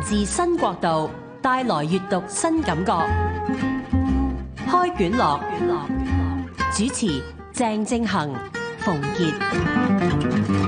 自新角度帶來閱讀新感覺，開卷樂主持鄭正恆、馮傑。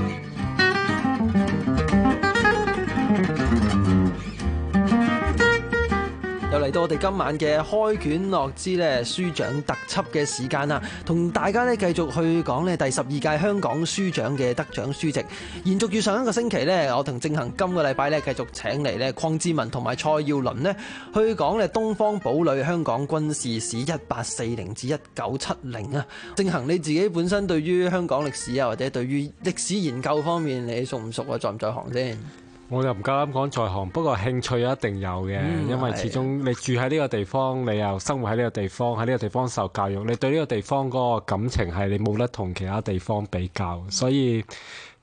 嚟到我哋今晚嘅開卷樂之咧書獎特輯嘅時間啦，同大家咧繼續去講呢第十二屆香港書獎嘅得獎書籍，延續住上一個星期呢，我同正恒今個禮拜咧繼續請嚟咧鄺智文同埋蔡耀倫呢，去講咧《東方堡壘：香港軍事史一八四零至一九七零》啊。正恒，你自己本身對於香港歷史啊，或者對於歷史研究方面，你熟唔熟啊？在唔在行先？我就唔夠膽講在行，不過興趣一定有嘅，因為始終你住喺呢個地方，你又生活喺呢個地方，喺呢個地方受教育，你對呢個地方個感情係你冇得同其他地方比較，所以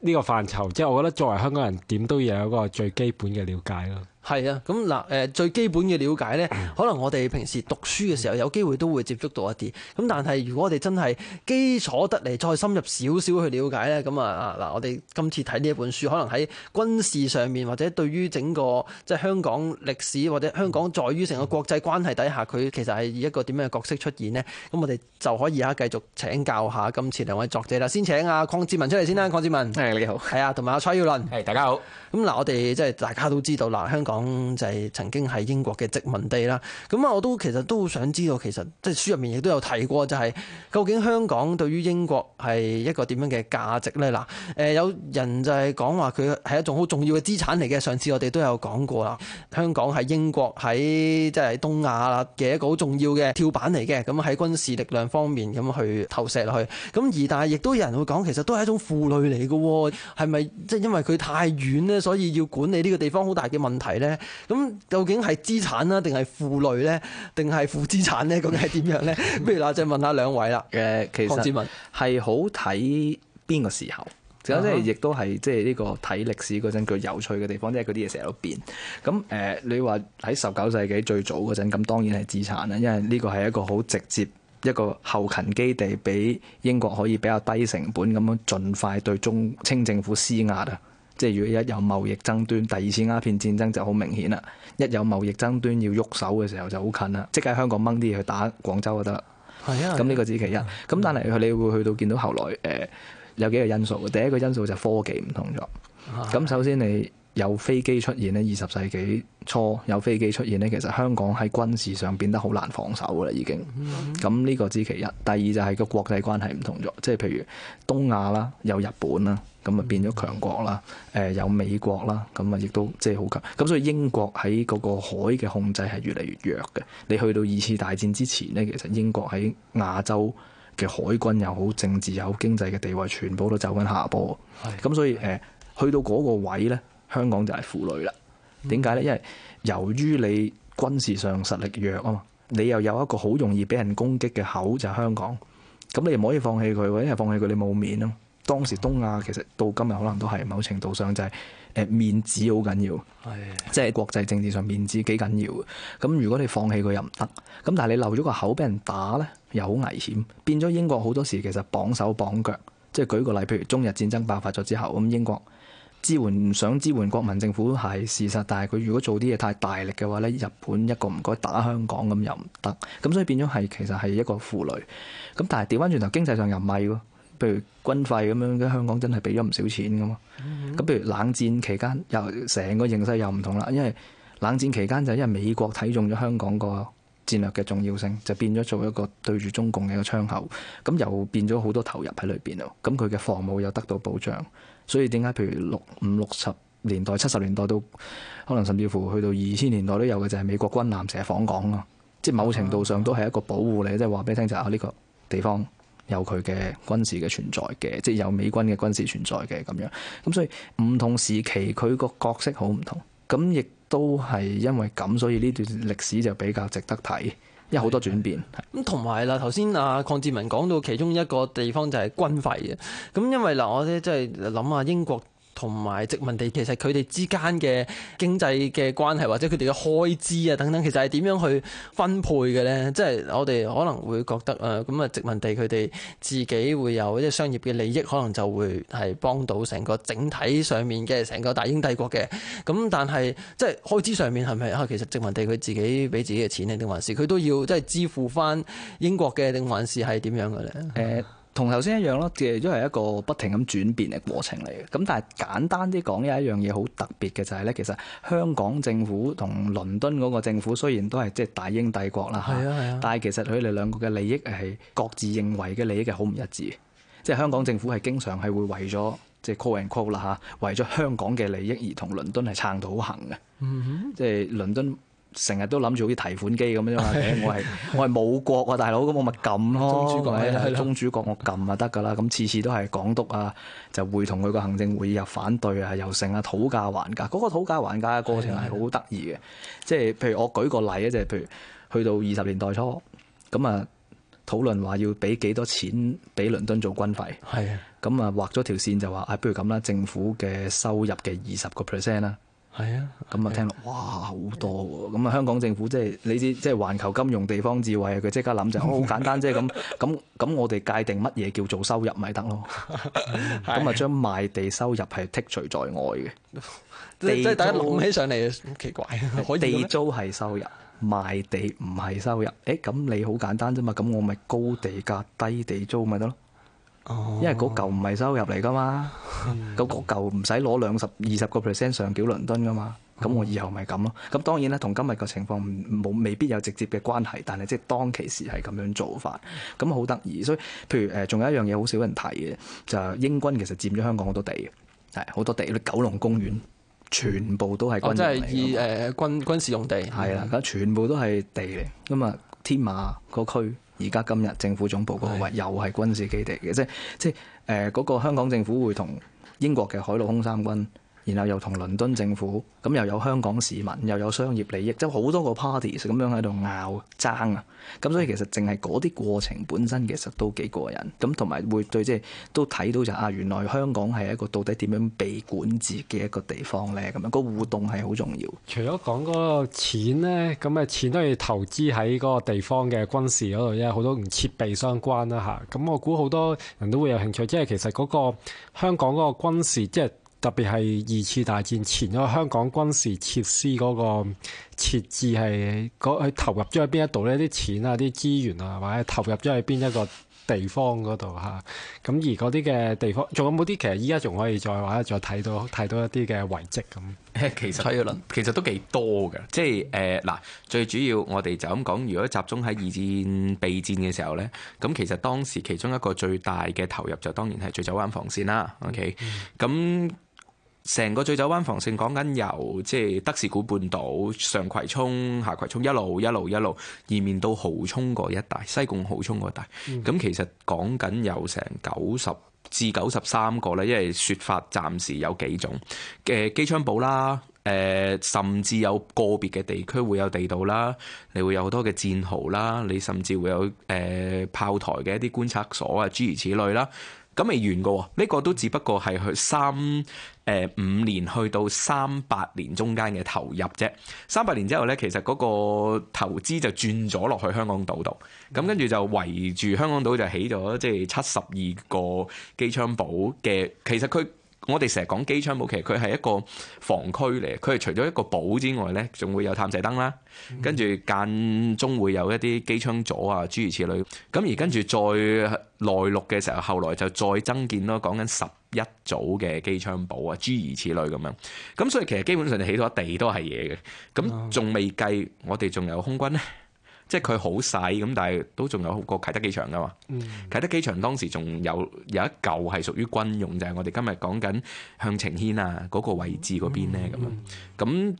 呢個範疇，即係我覺得作為香港人，點都要有一個最基本嘅了解咯。係啊，咁嗱，誒最基本嘅了解呢，可能我哋平時讀書嘅時候有機會都會接觸到一啲，咁但係如果我哋真係基礎得嚟，再深入少少去了解呢，咁啊嗱，我哋今次睇呢一本書，可能喺軍事上面，或者對於整個即係香港歷史，或者香港在於成個國際關係底下，佢其實係以一個點樣嘅角色出現呢。咁我哋就可以啊繼續請教下今次兩位作者啦。先請阿鄺智文出嚟先啦，鄺智文。你好。係啊，同埋阿蔡耀倫。誒大家好。咁嗱，我哋即係大家都知道嗱，香港。講就係曾經係英國嘅殖民地啦，咁啊我都其實都好想知道，其實即係書入面亦都有提過、就係，就係究竟香港對於英國係一個點樣嘅價值呢？嗱、呃，誒有人就係講話佢係一種好重要嘅資產嚟嘅，上次我哋都有講過啦。香港係英國喺即係東亞啦嘅一個好重要嘅跳板嚟嘅，咁喺軍事力量方面咁去投射落去。咁而但係亦都有人會講，其實都係一種負累嚟嘅喎，係咪即係因為佢太遠呢，所以要管理呢個地方好大嘅問題？咧，咁究竟係資產啦，定係負累咧，定係負資產咧？究竟係點樣咧？ 不如啦，即係問下兩位啦。誒，其實係好睇邊個時候，即係亦都係即係呢個睇歷史嗰陣，佢有趣嘅地方，即係佢啲嘢成日都變。咁誒、呃，你話喺十九世紀最早嗰陣，咁當然係資產啦，因為呢個係一個好直接一個後勤基地，俾英國可以比較低成本咁樣盡快對中清政府施壓啊。即係如果一有貿易爭端，第二次鴉片戰爭就好明顯啦。一有貿易爭端要喐手嘅時候就好近啦，即係喺香港掹啲嘢去打廣州就得啦。係啊。咁呢個只係其一。咁但係你會去到見到後來誒、呃、有幾個因素嘅，第一個因素就係科技唔同咗。咁首先你。有飛機出現咧，二十世紀初有飛機出現咧，其實香港喺軍事上變得好難防守噶啦，已經。咁呢個知其一，第二就係個國際關係唔同咗，即係譬如東亞啦，有日本啦，咁啊變咗強國啦，誒有美國啦，咁啊亦都即係好強。咁所以英國喺嗰個海嘅控制係越嚟越弱嘅。你去到二次大戰之前咧，其實英國喺亞洲嘅海軍又好、政治又好、經濟嘅地位，全部都走緊下坡。係的。咁所以誒，去到嗰個位咧。香港就係負累啦，點解呢？因為由於你軍事上實力弱啊嘛，你又有一個好容易俾人攻擊嘅口就係香港，咁你唔可以放棄佢，因為放棄佢你冇面咯。當時東亞其實到今日可能都係某程度上就係面子好緊要，的即係國際政治上面子幾緊要嘅。咁如果你放棄佢又唔得，咁但係你留咗個口俾人打呢，又好危險，變咗英國好多時其實綁手綁腳。即係舉個例，譬如中日戰爭爆發咗之後，咁英國。支援想支援國民政府係事實，但係佢如果做啲嘢太大力嘅話，咧，日本一個唔該打香港咁又唔得，咁所以變咗係其實係一個負累。咁但係調翻轉頭經濟上又唔係，譬如軍費咁樣嘅香港真係俾咗唔少錢，噶嘛。咁譬如冷戰期間又成個形勢又唔同啦，因為冷戰期間就因為美國睇中咗香港個戰略嘅重要性，就變咗做一個對住中共嘅一個窗口，咁又變咗好多投入喺裏邊，咯。咁佢嘅防務又得到保障。所以點解譬如六五六十年代、七十年代到可能甚至乎去到二千年代都有嘅就係美國軍艦成日訪港咯，即係某程度上都係一個保護你。即係話俾你聽就係啊呢個地方有佢嘅軍事嘅存在嘅，即係有美軍嘅軍事存在嘅咁樣。咁所以唔同時期佢個角色好唔同，咁亦都係因為咁，所以呢段歷史就比較值得睇。因為好多轉變，同埋啦，頭先阿鄺智文講到其中一個地方就係軍費嘅。咁因為嗱，我咧即係諗下英國。同埋殖民地其實佢哋之間嘅經濟嘅關係，或者佢哋嘅開支啊等等，其實係點樣去分配嘅咧？即係我哋可能會覺得誒，咁啊殖民地佢哋自己會有即係商業嘅利益，可能就會係幫到成個整體上面嘅成個大英帝國嘅。咁但係即係開支上面係咪啊？其實殖民地佢自己俾自己嘅錢呢定還是佢都要即係支付翻英國嘅定還是係點樣嘅咧？誒。同頭先一樣咯，亦都係一個不停咁轉變嘅過程嚟嘅。咁但係簡單啲講，有一樣嘢好特別嘅就係、是、咧，其實香港政府同倫敦嗰個政府雖然都係即係大英帝國啦嚇，係啊係啊、但係其實佢哋兩個嘅利益係各自認為嘅利益嘅好唔一致。即係香港政府係經常係會為咗即係 call and call 啦嚇，為咗香港嘅利益而同倫敦係撐到行嘅。嗯、哼即係倫敦。成日都諗住好似提款機咁樣 我係我係母國啊，大佬咁我咪撳咯，宗主國我撳咪得㗎啦！咁次 次都係港督啊，就會同佢個行政會議又反對啊、又成啊、討價還價。嗰、那個討價還價嘅過程係好得意嘅，的即係譬如我舉個例啊，就係譬如去到二十年代初，咁啊討論話要俾幾多錢俾倫敦做軍費，係啊的，咁啊畫咗條線就話、啊，不如咁啦，政府嘅收入嘅二十個 percent 啦。係啊，咁啊聽落哇好多喎、啊！咁啊香港政府即係你知，即係環球金融地方智慧，佢即刻諗就好簡單啫咁咁咁， 即我哋界定乜嘢叫做收入咪得咯？咁 啊將賣地收入係剔除在外嘅， 即係大家諗起上嚟好奇怪，可以地租係收入，賣地唔係收入。誒、欸，咁你好簡單啫嘛，咁我咪高地價低地租咪得咯。因為嗰嚿唔係收入嚟噶嘛，嗰嚿唔使攞兩十二十個 percent 上繳倫敦噶嘛，咁、嗯、我以後咪咁咯。咁當然啦，同今日個情況冇未必有直接嘅關係，但係即係當其時係咁樣做法，咁好得意。所以，譬如誒，仲、呃、有一樣嘢好少人提嘅，就英軍其實佔咗香港好多地嘅，係好多地，九龍公園全部都係軍、哦、即係誒、呃、軍軍事用地。係啦的，嗯、全部都係地嚟，咁啊添馬個區。而家今日政府總部嗰位又係軍事基地嘅是的，即即誒嗰個香港政府會同英國嘅海陸空三軍。然後又同倫敦政府，咁又有香港市民，又有商業利益，即係好多個 parties 咁樣喺度拗爭啊！咁所以其實淨係嗰啲過程本身其實都幾過癮，咁同埋會對即係都睇到就啊，原來香港係一個到底點樣被管治嘅一個地方咧。咁樣個互動係好重要。除咗講嗰個錢咧，咁啊錢都要投資喺嗰個地方嘅軍事嗰度，因為好多唔設備相關啦吓，咁我估好多人都會有興趣，即係其實嗰個香港嗰個軍事即係。特別係二次大戰前，個香港軍事設施嗰個設置係嗰投入咗喺邊一度呢？啲錢啊、啲資源啊，或者投入咗喺邊一個地方嗰度嚇？咁而嗰啲嘅地方仲有冇啲？其實依家仲可以再或者再睇到睇到一啲嘅遺跡咁。其實，其實都幾多㗎。 即係誒嗱，最主要我哋就咁講。如果集中喺二戰備戰嘅時候咧，咁其實當時其中一個最大嘅投入就當然係醉酒灣防線啦。OK，咁、嗯。成個醉酒灣防線講緊由即係德士古半島、上葵涌、下葵涌一路一路一路延綿到蠔涌嗰一帶，西貢蠔涌一帶。咁、嗯、其實講緊有成九十至九十三個咧，因為説法暫時有幾種。誒機槍堡啦，誒、呃、甚至有個別嘅地區會有地道啦，你會有好多嘅戰壕啦，你甚至會有誒、呃、炮台嘅一啲觀察所啊，諸如此類啦。咁未完噶喎，呢、這個都只不過係去三誒五年去到三八年中間嘅投入啫。三八年之後咧，其實嗰個投資就轉咗落去香港島度，咁跟住就圍住香港島就起咗，即係七十二個機槍堡嘅。其實佢。我哋成日講機槍堡，其實佢係一個防區嚟，佢係除咗一個堡之外咧，仲會有探射燈啦，跟住間中會有一啲機槍組啊，諸如此類。咁而跟住再內陸嘅時候，後來就再增建咯，講緊十一組嘅機槍堡啊，諸如此類咁樣。咁所以其實基本上就起到地都係嘢嘅，咁仲未計我哋仲有空軍咧。即係佢好細咁，但係都仲有個啟德機場㗎嘛？嗯、啟德機場當時仲有有一嚿係屬於軍用，就係、是、我哋今日講緊向晴軒啊嗰、那個位置嗰邊咧咁、嗯嗯、樣。咁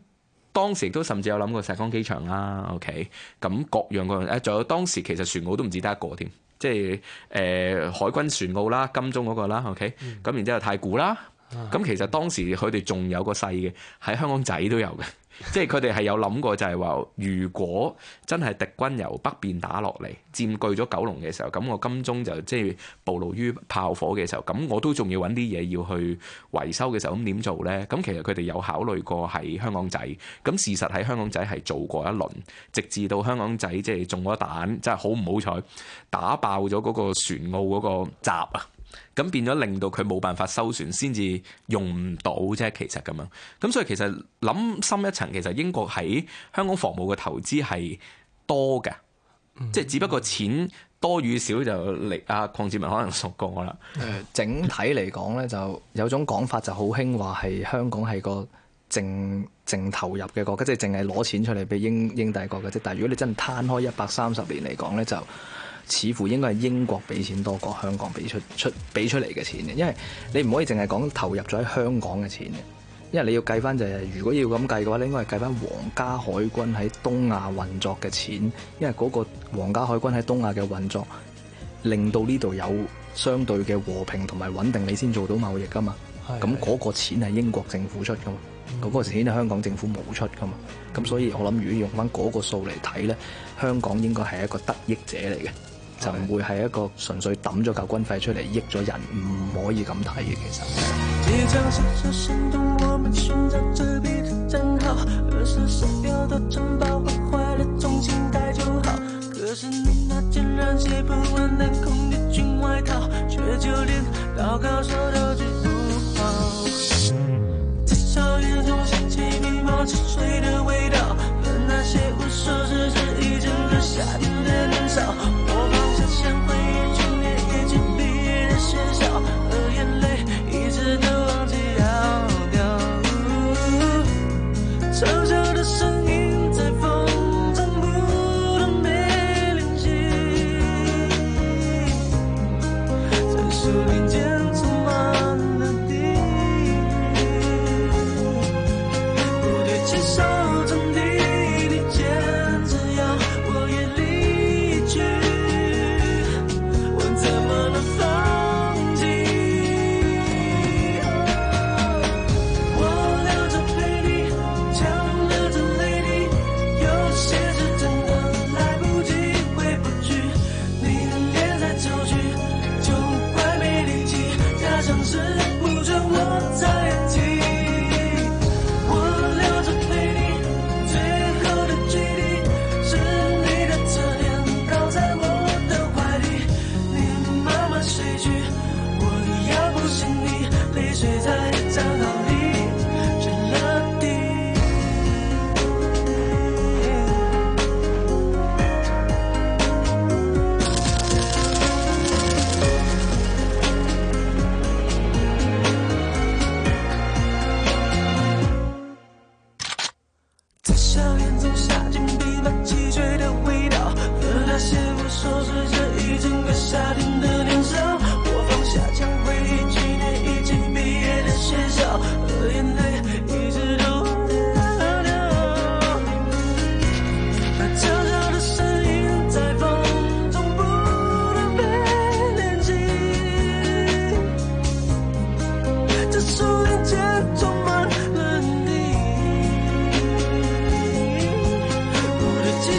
當時都甚至有諗過石崗機場啦。OK，咁各樣各樣誒，仲有當時其實船塢都唔止得一個添，即係誒、呃、海軍船塢啦、金鐘嗰、那個啦。OK，咁、嗯、然之後太古啦。咁、嗯、其實當時佢哋仲有個細嘅喺香港仔都有嘅。即係佢哋係有諗過就，就係話如果真係敵軍由北邊打落嚟，佔據咗九龍嘅時候，咁我金鐘就即係暴露於炮火嘅時候，咁我都仲要揾啲嘢要去維修嘅時候，咁點做呢？咁其實佢哋有考慮過喺香港仔，咁事實喺香港仔係做過一輪，直至到香港仔即係中咗彈，真係好唔好彩，打爆咗嗰個船澳嗰個閘啊！咁變咗令到佢冇辦法收船，先至用唔到啫。其實咁樣，咁所以其實諗深一層，其實英國喺香港防務嘅投資係多嘅，即係、嗯、只不過錢多與少就嚟。阿鄺智文可能熟過我啦。誒、呃，整體嚟講咧，就有種講法就好興話係香港係個淨淨投入嘅國家，即係淨係攞錢出嚟俾英英帝國嘅啫。但係如果你真係攤開一百三十年嚟講咧，就似乎應該係英國俾錢多過香港俾出出俾出嚟嘅錢嘅，因為你唔可以淨係講投入咗喺香港嘅錢嘅，因為你要計翻就係、是、如果要咁計嘅話，你應該係計翻皇家海軍喺東亞運作嘅錢，因為嗰個皇家海軍喺東亞嘅運作令到呢度有相對嘅和平同埋穩定，你先做到貿易噶嘛。咁嗰是是 個錢係英國政府出噶嘛，咁、那、嗰個錢係香港政府冇出噶嘛。咁所以我諗，如果用翻嗰個數嚟睇咧，香港應該係一個得益者嚟嘅。就會係一個純粹抌咗嚿軍費出嚟益咗人，唔可以咁睇嘅其實。即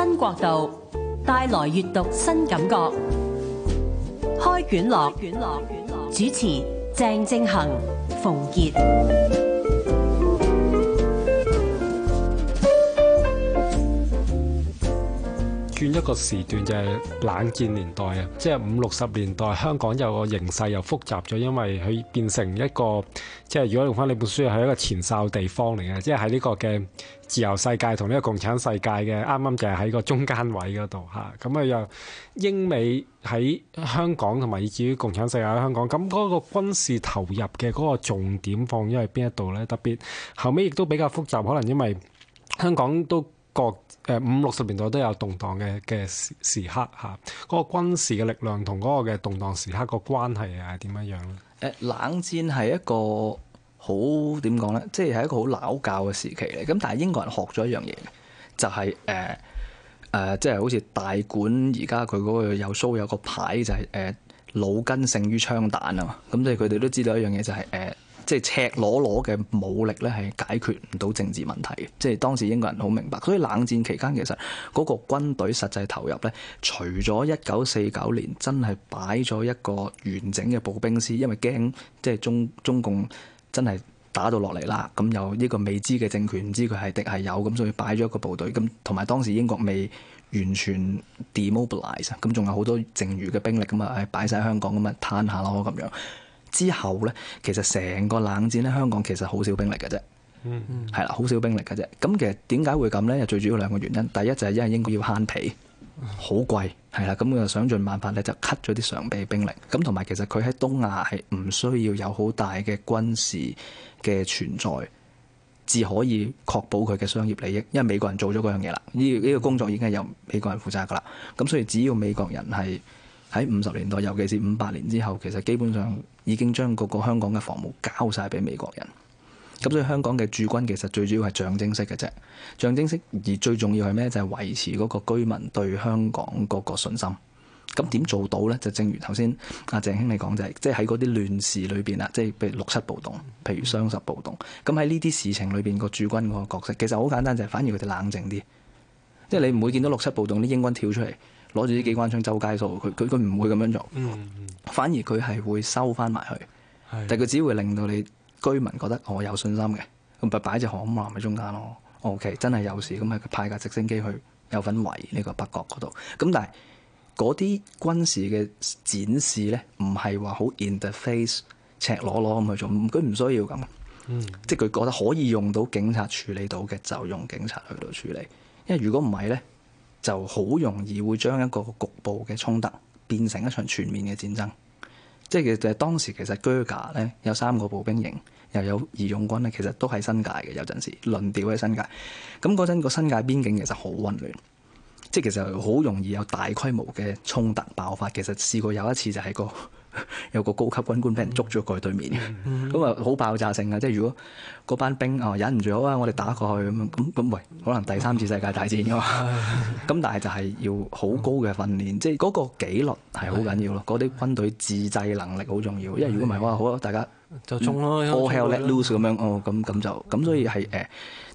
新國度帶來閱讀新感覺，開卷樂。主持鄭正恆、馮傑。轉一個時段就係、是、冷戰年代啊，即、就、係、是、五六十年代，香港有個形勢又複雜咗，因為佢變成一個，即係如果用翻你本書係一個前哨地方嚟嘅，即係喺呢個嘅自由世界同呢個共產世界嘅，啱啱就係喺個中間位嗰度嚇。咁啊又英美喺香港同埋以至於共產世界喺香港，咁嗰個軍事投入嘅嗰個重點放於邊一度咧？特別後尾亦都比較複雜，可能因為香港都。個誒五六十年代都有動盪嘅嘅時刻嚇，嗰、啊、個軍事嘅力量同嗰個嘅動盪時刻個關係係點樣樣咧？誒、啊、冷戰係一個好點講咧，即係係一個好撈教嘅時期嚟。咁但係英國人學咗一樣嘢，就係誒誒，即係好似大館而家佢嗰個有 show 有個牌，就係誒腦筋勝於槍彈啊嘛。咁即係佢哋都知道一樣嘢就係、是、誒。啊即係赤裸裸嘅武力咧，係解決唔到政治問題嘅。即係當時英國人好明白，所以冷戰期間其實嗰個軍隊實際投入咧，除咗一九四九年真係擺咗一個完整嘅步兵師，因為驚即係中中共真係打到落嚟啦，咁又呢個未知嘅政權唔知佢係敵係友，咁所以擺咗一個部隊，咁同埋當時英國未完全 demobilise 咁仲有好多剩餘嘅兵力咁啊，擺曬香港咁啊，攤下咯咁樣。之後咧，其實成個冷戰咧，香港其實好少兵力嘅啫，嗯嗯、mm，係、hmm. 啦，好少兵力嘅啫。咁其實點解會咁咧？最主要兩個原因，第一就係因為英國要慳皮，好貴，係啦，咁佢就想盡辦法咧就 cut 咗啲常備兵力。咁同埋其實佢喺東亞係唔需要有好大嘅軍事嘅存在，至可以確保佢嘅商業利益。因為美國人做咗嗰樣嘢啦，呢、這、呢個工作已經係由美國人負責噶啦。咁所以只要美國人係。喺五十年代，尤其是五八年之後，其實基本上已經將嗰個香港嘅防務交晒俾美國人。咁所以香港嘅駐軍其實最主要係象徵式嘅啫，象徵式。而最重要係咩？就係、是、維持嗰個居民對香港嗰個信心。咁點做到呢？就正如頭先阿鄭兄你講就係、是，即係喺嗰啲亂事裏邊啊，即係譬如六七暴動，譬如雙十暴動。咁喺呢啲事情裏邊，個駐軍嗰個角色其實好簡單，就係、是、反而佢哋冷靜啲。即、就、係、是、你唔會見到六七暴動啲英軍跳出嚟。攞住啲機關槍周街掃，佢佢佢唔會咁樣做，嗯嗯、反而佢係會收翻埋去。的但係佢只會令到你居民覺得我有信心嘅，咁咪擺隻航空母艦喺中間咯。OK，真係有事咁，咪派架直升機去有份圍呢個北角嗰度。咁但係嗰啲軍事嘅展示咧，唔係話好 in the face，赤裸裸咁去做，佢唔需要咁。嗯、即係佢覺得可以用到警察處理到嘅，就用警察去到處理。因為如果唔係咧。就好容易會將一個局部嘅衝突變成一場全面嘅戰爭，即係其實當時其實鋸架咧有三個步兵營，又有義勇軍咧，其實都喺新界嘅，有陣時輪調喺新界，咁嗰陣個新界邊境其實好混亂，即係其實好容易有大規模嘅衝突爆發。其實試過有一次就係個。有個高級軍官俾人捉咗過去對面，咁啊好爆炸性啊！即係如果嗰班兵哦忍唔住，好啊，我哋打過去咁樣，咁咁喂，可能第三次世界大戰噶嘛？咁但係就係要好高嘅訓練，即係嗰個紀律係好緊要咯。嗰啲軍隊自制能力好重要，因為如果唔係哇，好，大家就衝咯，all hell let loose 咁樣，哦，咁咁就咁，所以係誒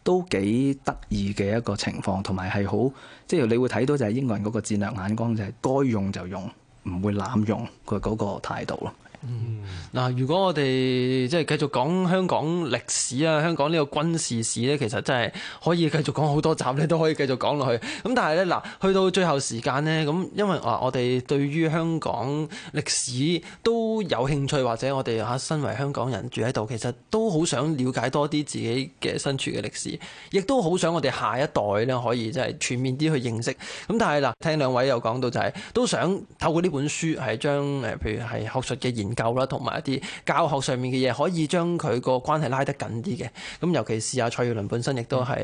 都幾得意嘅一個情況，同埋係好，即係你會睇到就係英國人嗰個戰略眼光就係該用就用。唔會濫用佢嗰個態度咯。嗯，嗱，如果我哋即係繼續講香港歷史啊，香港呢個軍事史呢，其實真係可以繼續講好多集咧，你都可以繼續講落去。咁但係呢，嗱，去到最後時間呢，咁因為啊，我哋對於香港歷史都有興趣，或者我哋吓身為香港人住喺度，其實都好想了解多啲自己嘅身處嘅歷史，亦都好想我哋下一代呢，可以即係全面啲去認識。咁但係嗱，聽兩位有講到就係、是、都想透過呢本書係將誒，譬如係學術嘅研。夠啦，同埋一啲教學上面嘅嘢，可以將佢個關係拉得緊啲嘅。咁尤其是阿蔡耀倫本身亦都係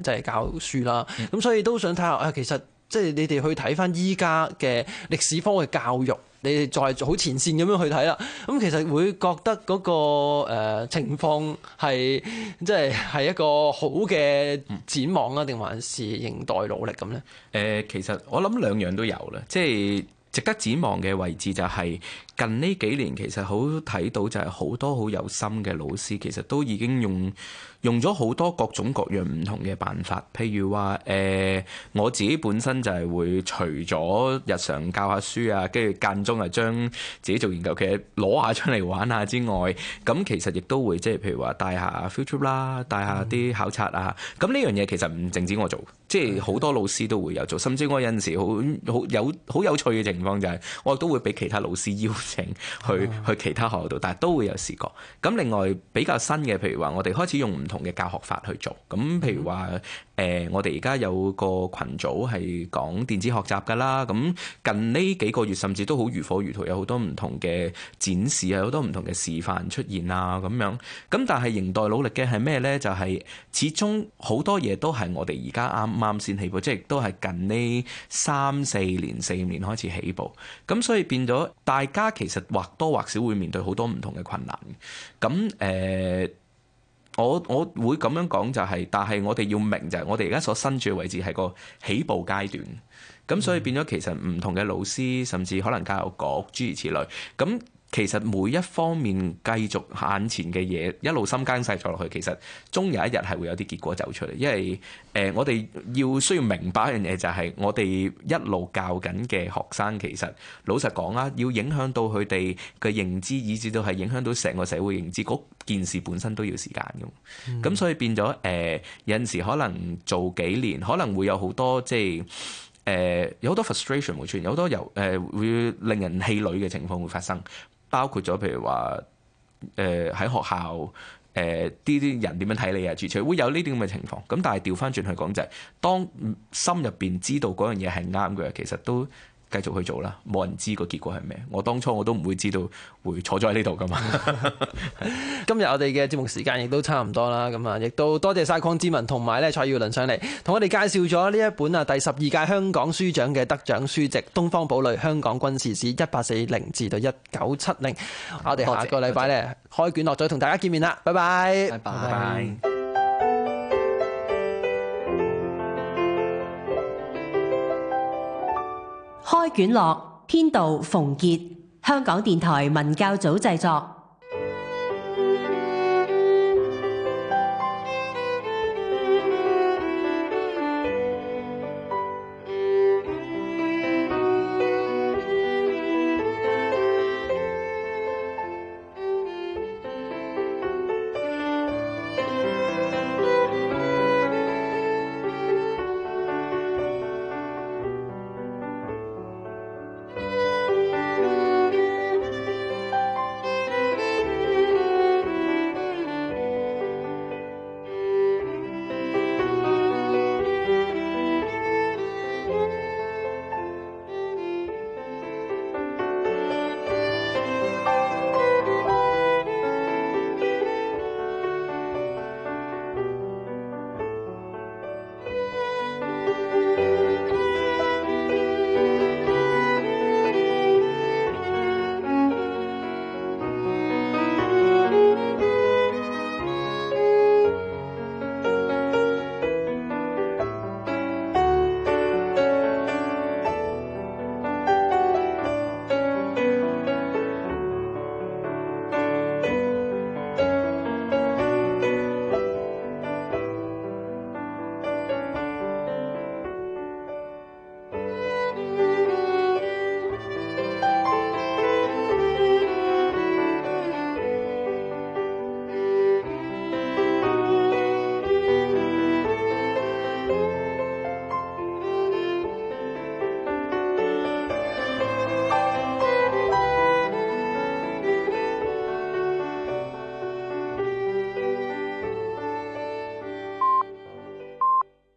誒即係教書啦。咁、嗯、所以都想睇下，啊，其實即係你哋去睇翻依家嘅歷史科嘅教育，你哋再好前線咁樣去睇啦。咁其實會覺得嗰個誒情況係即係係一個好嘅展望啊定還是仍待努力咁咧？誒、嗯嗯、其實我諗兩樣都有啦，即、就、係、是、值得展望嘅位置就係、是。近呢幾年其實好睇到，就係好多好有心嘅老師，其實都已經用用咗好多各種各樣唔同嘅辦法。譬如話誒、呃，我自己本身就係會除咗日常教下書啊，跟住間中係將自己做研究嘅嘢攞下出嚟玩下之外，咁其實亦都會即係譬如話帶下 field trip 啦，帶下啲考察啊。咁呢樣嘢其實唔淨止我做，即係好多老師都會有做。甚至我有陣時好好有好有趣嘅情況就係、是，我都會俾其他老師邀。去去其他學校度，但係都會有試過。咁另外比較新嘅，譬如話我哋開始用唔同嘅教學法去做。咁譬如話誒、嗯、呃、我哋而家有個群組係講電子學習㗎啦。咁近呢幾個月，甚至都好如火如荼，有好多唔同嘅展示，啊，好多唔同嘅示範出現啊咁樣。咁但係仍待努力嘅係咩咧？就係、是、始終好多嘢都係我哋而家啱啱先起步，即係都係近呢三四年四五年開始起步。咁所以變咗大家。其實或多或少會面對好多唔同嘅困難，咁誒、呃，我我會咁樣講就係、係，但係我哋要明就係，我哋而家所身處嘅位置係個起步階段，咁所以變咗其實唔同嘅老師，甚至可能教育局諸如此類，咁。其實每一方面繼續眼前嘅嘢一路心堅細咗落去，其實終有一日係會有啲結果走出嚟。因為誒、呃，我哋要需要明白、就是、一樣嘢，就係我哋一路教緊嘅學生，其實老實講啊，要影響到佢哋嘅認知，以至到係影響到成個社會認知，嗰件事本身都要時間嘅。咁、嗯、所以變咗誒、呃，有陣時可能做幾年，可能會有好多即係誒、呃，有好多 frustration 會出現，有好多由誒、呃、會令人氣餒嘅情況會發生。包括咗，譬如話，誒、呃、喺學校，誒啲啲人點樣睇你啊？諸如此類，會有呢啲咁嘅情況。咁但係調翻轉去講就係、是，當心入邊知道嗰樣嘢係啱嘅，其實都繼續去做啦，冇人知個結果係咩。我當初我都唔會知道會坐咗喺呢度噶嘛。 今日我哋嘅節目時間亦都差唔多啦，咁啊，亦都多謝晒鄺智文同埋咧蔡耀倫上嚟，同我哋介紹咗呢一本啊第十二屆香港書獎嘅得獎書籍《東方堡壘：香港軍事史（一八四零至到一九七零）謝》。我哋下個禮拜咧開卷落再同大家見面啦，拜拜，拜拜。拜拜。開卷樂編導馮杰，香港電台文教組製作。